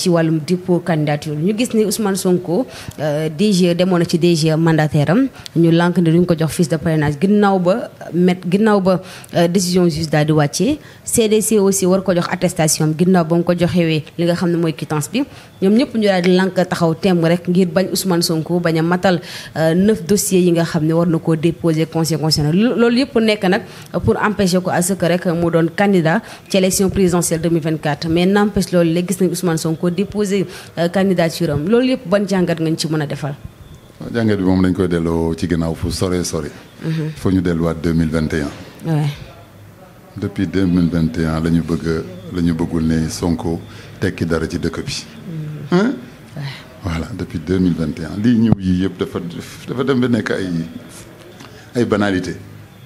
ci wàllum dépôt candidature ñu gis ni Ousmane Sonko euh, DG demoon na ci DG mandataire am ñu lànk ne duñ ko jox fiche de parrainage ginnaaw ba met ginnaaw ba euh, décision juge daal di wàccee CDC aussi war ko jox attestation am ginnaaw ba mu ko joxewee li nga xam ne mooy quittance bi ñoom ñëpp ñu daal lànk taxaw temm rek ngir bañ Ousmane Sonko bañ a matal euh, neuf dossiers yi nga xam ne war na koo déposer conseil constitutionnel loolu yëpp nekk nag pour empêcher ko à doon candidat ci élection présidentielle Sonko déposé euh, candidature am loolu yëpp ban jàngat ngañ ci mën a defal. jàngat bi moom dañ koy delloo ci ginnaaw fu sore sore. Mhm. foo ñu delluwaat deux mille vingt et un. depuis deux mille vingt et un la ñu bëgg la ñu bëggul ne Sonko tekki dara ci dëkk bi. Mhm. voilà depuis deux mille vingt et un lii ñëw yii yëpp dafa dafa dem ba nekk ay ay banalité.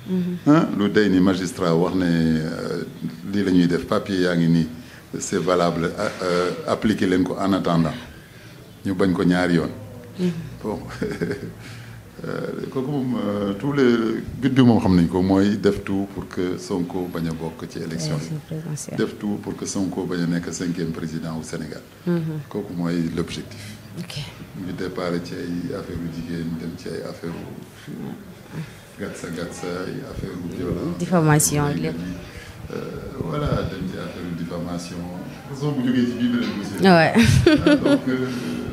Mhm. lu day ni magistrat wax ne euh, lii la ñuy def papier yaa ngi nii. c'est valable euh, euh, appliquer leen ko en attendant ñu bañ ko ñaari yoon mm-hmm. bon euh, kooku moom tous les but bi moom xam nañ ko mooy def tout pour que Sonko bañ a bokk ci élection yi def tout pour que Sonko bañ a nekk cinquième président au Sénégal mm-hmm. kooku mooy l'objectif ñu départ ci ay affaire u jigéen dem ci ay affaire u gàtt sa gàtt sa ay affaire u lépp voilà dem formation façon bu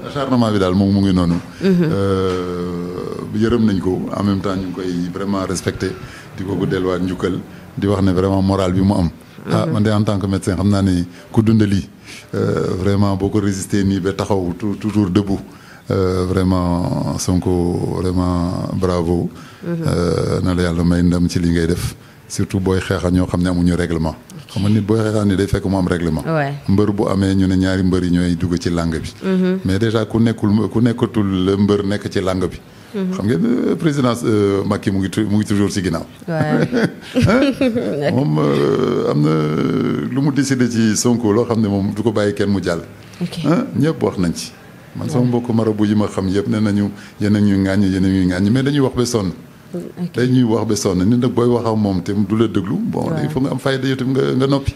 euh, euh, bi daal moom mu ngi noonu mhm. euh, yërëm nañ ko en même temps ñu ngi koy vraiment respecté di ko ko delluwaat njukkal di wax ne vraiment moral bi mu am ah mhm. man de en tant que médecin xam naa ne ku dund vraiment boo ko résister nii ba taxaw toujours debout vraiment Sonko vraiment bravo mhm. na la yàlla may ndam ci li ngay def surtout booy xeexal ñoo xam ne amuñu règlement xam nga nit boo xeexaan ni day fekk mu am règlement mbër bu amee ñu ne ñaari mbër yi ñooy dugg ci làng bi mm-hmm. mais déjà ku nekkul ku nekkatul mbër nekk ci làng bi mm-hmm. xam ngeen euh, présidence euh, Macky mu ngi mu ngi toujours ci ginnaaw moom euh, am na lu mu décidé ci Sonko loo xam ne moom du ko bàyyi kenn mu jàll ñëpp wax nañ ci man sama mbokk bu yi ma xam yëpp ne nañu yéen a ñuy ŋàññi yéen a ñuy ŋàññi mais dañuy wax ba sonn day ñuy wax ba sonn nit nag booy wax moom te du la déglu bon il faut nga am fayda yow tamit nga nga noppi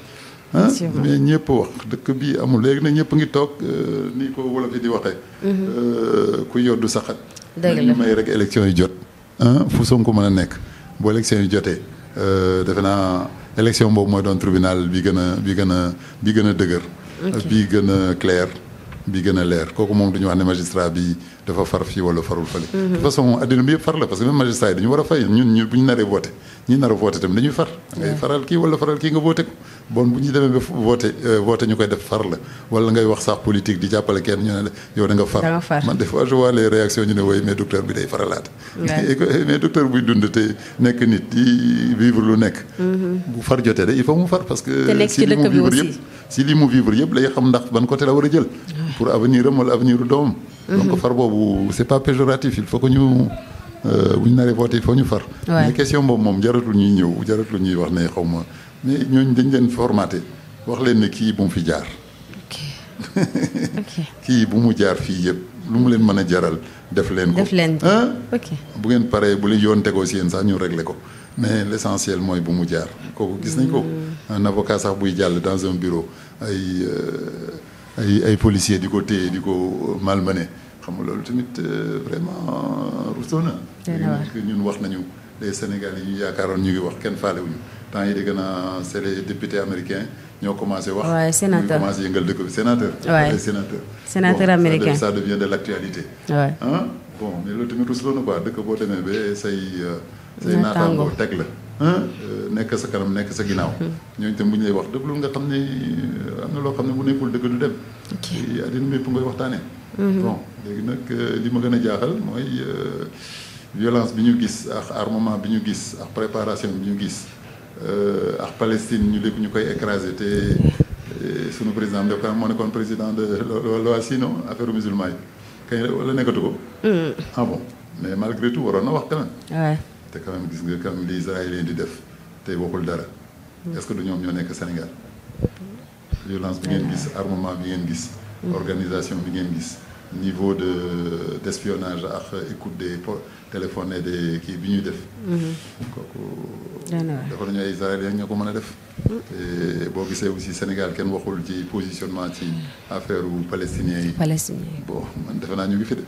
ah mais ñëpp wax dëkk bii amul léegi nag ñëpp ngi toog euh, nii ko wolof yi di waxee mhm. euh, ku yoddu saxat ñu may rek élection yi jot ah, fu Sonko mën a nekk bu élection yi jotee euh, defe naa élection boobu mooy doon tribunal bi gën a bi gën a bi gën a dëgër bi gën a clair bi gën a leer kooku moom duñu wax ne magistrat bi dafa far fii wala farul fële. de façon addina bi yëpp far la parce que même magistrat yi dañu war a fay ñun ñu bu ñu naree voté ñi nar a tamit dañuy far. ngay faral kii wala faral kii nga voté ko bon bu ñu demee ba voté euh, voté ñu koy def far la wala ngay wax sax politique di jàppale kenn ñu ne la mais docteur bi day faralaat. Eh, mais docteur buy dund te nekk nit yi vivre lu nekk. Mm-hmm. bu far jotee de il faut a pour avenir am wala avenir u doomam mhm. donc far boobu c'est pas péjoratif il faut que ñu euh, bu ñu naree voté foo ñu far mais question boobu moom jaratul ñuy ñëw jaratul ñuy wax ne xaw ma mais ñooñu dañ leen formaté wax leen ne kii bu mu fi jaar kii bu mu jaar fii yëpp lu mu leen mën a jaral def leen ko ah bu ngeen paree bu li yoon tegoo si yéen sax ñu réglé ko mais l'essentiel mooy bu mu jaar kooku gis nañ ko mm. un avocat sax buy jàll dans un bureau ay euh, ay ay policiers di ko téye di ko malmené xam nga loolu tamit euh, vraiment euh, ruusoo na. ñun wax nañu les Sénégalais yi ñu yaakaaroon ñu ngi wax kenn faale wuñu temps yi dégg naa c'est les députés américains ñoo commencé wax. waaw sénateur commencé yëngal dëkk bi sénateur. waay sénateur. sénateur américain bon ça devient de l'actualité. waay ah bon mais loolu tamit ruusloo na quoi dëkk boo demee ba say. Euh, say naataango teg la. Euh, nekk sa kanam nekk sa ginnaaw. Hmm. ñooñu itam bu ñu lay wax dëgg lu nga xam ni euh, am na loo xam ne bu nekkul dëgg du dem. ok àddina mépp ngay waxtaanee. Hmm. bon léegi nag euh, li ma gën a jaaxal mooy violence bi ñu gis ak armement bi ñu gis ak préparation bi ñu gis ak Palestine ñu lépp ñu koy écraser te sunu président def ko moo nekkoon président de l'OACI non affaire musulman yi kañ la nekkatu ko. Hmm. ah bon mais malgré tout waroon na wax quand te quand gis nga quand même li israélien di def tey waxul dara mm. est-ce que du ñoom ñoo nekk Sénégal violence bi ngeen gis armement bi ngeen gis mm. organisation bi ngeen gis niveau de d'espionnage ak écoute des téléphoné de kii bi ñuy def. Mm-hmm. kooku. Ah, dafa nañu ay israéliens ñoo ko mën a def. Mm-hmm. te boo gisee aussi Sénégal kenn waxul ci positionnement ci affaire palestiniens yi. palestiniens yi bon man defe naa ñu ngi fi de.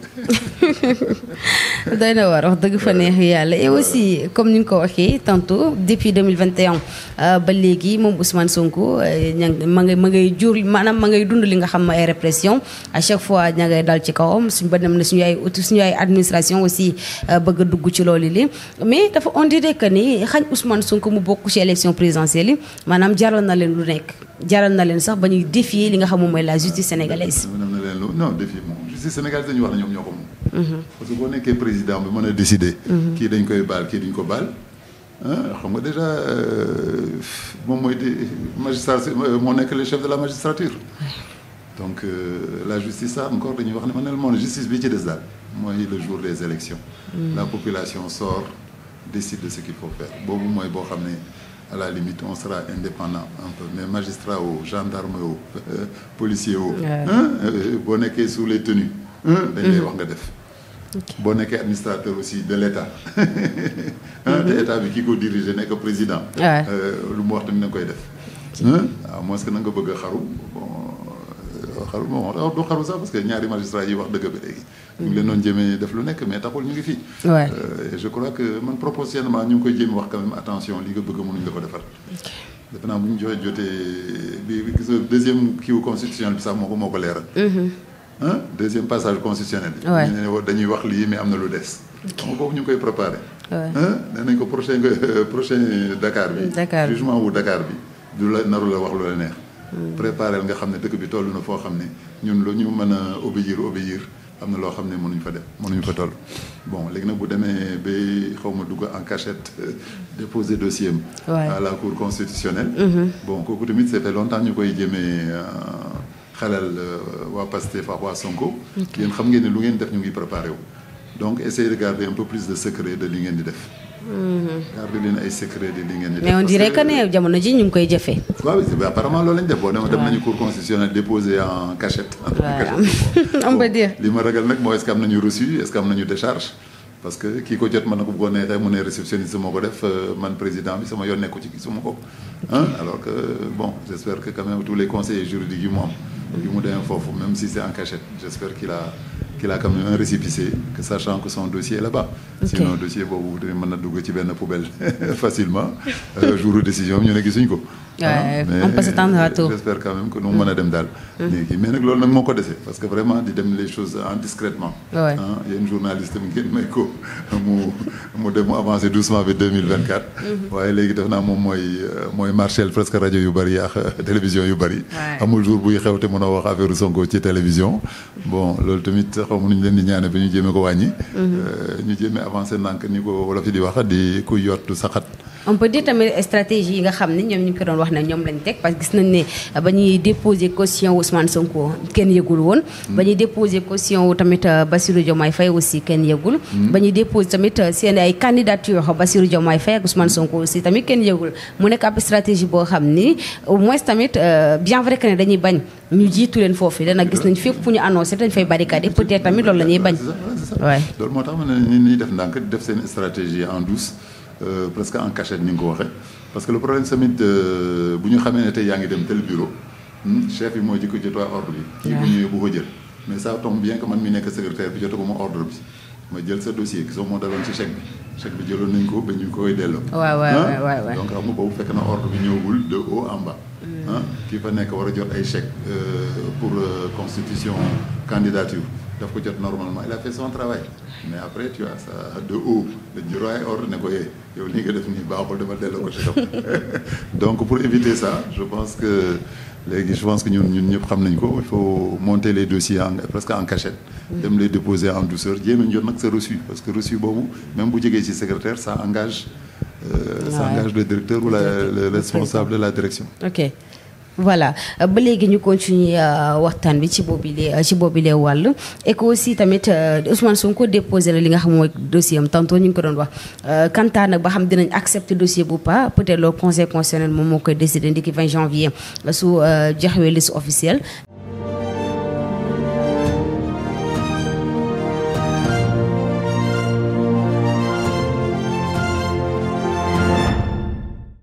doy na waar wax dëgg fa neex yàlla et aussi comme ni nga ko waxee tantôt depuis 2021 euh, ba léegi moom Ousmane Sonko euh, ña ma ngay ma ngay jur maanaam ma dund li nga xam ay répression a chaque fois ña ngay ci kawam suñu ba dem na suñu ay administration aussi. Euh, Euh, bëgg a dugg ci loolu li mais dafa on dirait que ni xañ Ousmane Sonko mu bokk ci élection présidentielle yi maanaam jaral na leen lu nekk jaral na leen sax ba ñuy défier li nga xam mooy la justice sénégalaise. dañu wax ne ñoom ñoo ko moom. Mhm. parce boo nekkee président bi mën a décider. Mhm. kii dañ koy baal kii duñ ko baal. xam nga déjà euh, moom mooy di magistrat euh, moo nekk le chef de la magistrature donc la justice a encore dañuy wax ne man ne moom justice bi mooy le jour des élections mm. la population sort décide de ce qu'il faut faire boobu mooy boo xam ne à la limite on sera indépendant un peu mais magistrat o gendarme o euh, policier o euh, boo nekkee sous les tenues dañ mm-hmm. wax nga def boo nekkee administrateur aussi de l'État mm-hmm. de état bi ki ko diriger nekk président euh, lu mu wax tamit na koy def waaw moins que na nga bëgg a xaru xaru moom wax du xaru sax parce que ñaari magistrat yi wax dëgg bi léegi ñu leen doon jéemee def lu nekk mais taxul ñu ngi fii euh, je crois ñu ngi ko defal defe naa bu ñu joxee jotee bi gis nga deuxième kiiwu constitutionnel bi sax moo ko moo ko leeral ah deuxième passage constitutionnel bi dañuy wax lii mais am na lu des donc boobu ñu ngi koy préparé ah nee nañ ko prochain euh, prochain Dakar bi jugement wu Dakar bi du la naru la wax lu la neex préparé nga xam ne dëkk bi toll na foo xam ne ñun lu ñu man a obéir obéir am na loo xam ne mënuñ fa dem mënuñ fa toll bon léegi nag bu demee ba xaw ma dugg en cachette euh, déposer dossier am à la cour constitutionnelle mm-hmm. bon kooku tamit ça fait longtemps ñu koy jëmee euh, xelal euh, waa Pastef ak waa Sonko yéen xam ngeen lu ngeen def ñu ngi préparé donc essayez de garder un peu plus de secret de li ngeen di def garde leen ay secret di li ngeen di. mais on dirait que ne jamono ji ñu ngi koy jëfee. waaw apparemment loolu lañ def boo dem nañu cour constitutionnelle déposé en cachette. voilà on peut dire. li ma ragal nag mooy est nañu reçu est am nañu décharge. parce que kii ko jot mën na ko bëggoon neexee mu ne réceptionniste ma ko def euh, man président bi sama yoon nekku ci gisuma ko alors que bon j'espère que quand même tous les conseillers juridiques yu mu am yu mu demee foofu même si c'est en cachette j'espère qu'il a qu'il a quand même un récépissé que sachant que son dossier est là-bas okay. sinon dossier boobu mën na dugg ci benn poubelle facilement euh, jour décision bi ñu ne gisuñ ko Ah, on peut s'attendre à tout j'espère quand même que nu mu mën a dem daal léegi mais nag loolu nag moo ko dese parce que vraiment di dem les choses en discrètement ah yéen journaliste mi ngeen may ko mu mu dem mu avancé doucement ba 2024 mm-hmm. waaye léegi def naa moom mooy euh, mooy marchel presque rajo yu bëri ak euh, télévision yu bëri amul jour buy xew te mënoo wax affaire Sonko ci télévision bon loolu tamit xaw ma nu ñu leen di ñaane bi ñu jéeme ko wàññi mm-hmm. euh, ñu jéeme avancer ndànk ni ko wolof yi di wax di ku yottu saxat on peut dire tamit stratégie yi nga xam ne ñoom ñu ko doon wax ne ñoom lañ teg parce que gis nañ ne ba ñuy déposé caution Ousmane Sonko kenn yëgul woon ba ñuy déposé caution tamit euh, Bassirou Diomaye Faye aussi kenn yëgul hmm. ba ñuy déposé tamit euh, seen ay candidature Bassirou Diomaye Faye ak Ousmane Sonko aussi tamit kenn yëgul mu nekk ab stratégie boo xam ni au moins tamit euh, bien vrai que ne dañuy bañ ñu jiitu leen foofu dana gis nañ fépp fu ñu annoncé dañ fay barricade peut-être tamit loolu la ñuy bañ waaye loolu moo tax ma ne ñi ñuy def ndànk Euh, presque en cachette ni nga ko waxee parce que le problème tamit euh, bu ñu xamee ne tey yaa ngi dem tel bureau hmm, chef yi mooy jëkk jotoo ordre bi kii bu ñëwee bu ko jël mais sa tombe bien que man mi nekk secrétaire bi jotaguma ordre bi ma jël sa dossier gisoo moo daloon ci chèque bi chèque bi jëloon nañ ko ba ñu koy delloo waaw waaw waaw donc xam nga boobu fekk na ordre bi ñëwul ah mm. kii fa nekk war a jot ay chèque euh, pour constitution candidature daf ko jot normalement il a fait son travail mais après tu as ça de haut dañu roy ordre ne ko yee eh, yow li nga def nii baaxul dama delloo ko ci donc pour éviter ça je pense que léegi je pense que ñun ñun ñëpp xam nañ ko il faut monter les dossiers en presque en cachette dem les déposer en douceur jéem a jot nag sa reçu parce que reçu boobu même bu jegee ci secrétaire sa engage euh, ça engage le directeur ou la le responsable de la direction voilà euh, ba léegi ñu continuer euh, waxtaan bi ci boobile euh, ci boobile wàll et que aussi tamit Ousmane ko déposé la li nga xam mooy dossier am tantôt ñu ngi ko doon wax kantaan nag ba xam dinañ accepter dossier bu pas peut-être le conseil constitutionnel moom moo koy décider ndiki 20 janvier su joxewee liste officielle